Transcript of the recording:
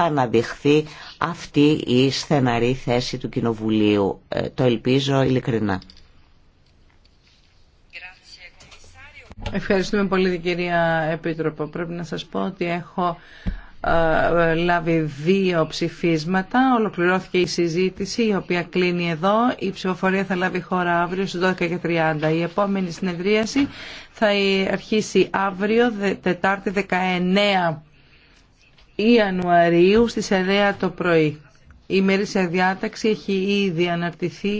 θα αναδειχθεί αυτή η στεναρή θέση του Κοινοβουλίου. Ε, το ελπίζω ειλικρινά. Ευχαριστούμε πολύ την κυρία Επίτροπο. Πρέπει να σας πω ότι έχω ε, λάβει δύο ψηφίσματα. Ολοκληρώθηκε η συζήτηση η οποία κλείνει εδώ. Η ψηφοφορία θα λάβει χώρα αύριο στις 12.30. Η επόμενη συνεδρίαση θα ε, αρχίσει αύριο, Τετάρτη 19 Ιανουαρίου στις 9 το πρωί. Η σε διάταξη έχει ήδη αναρτηθεί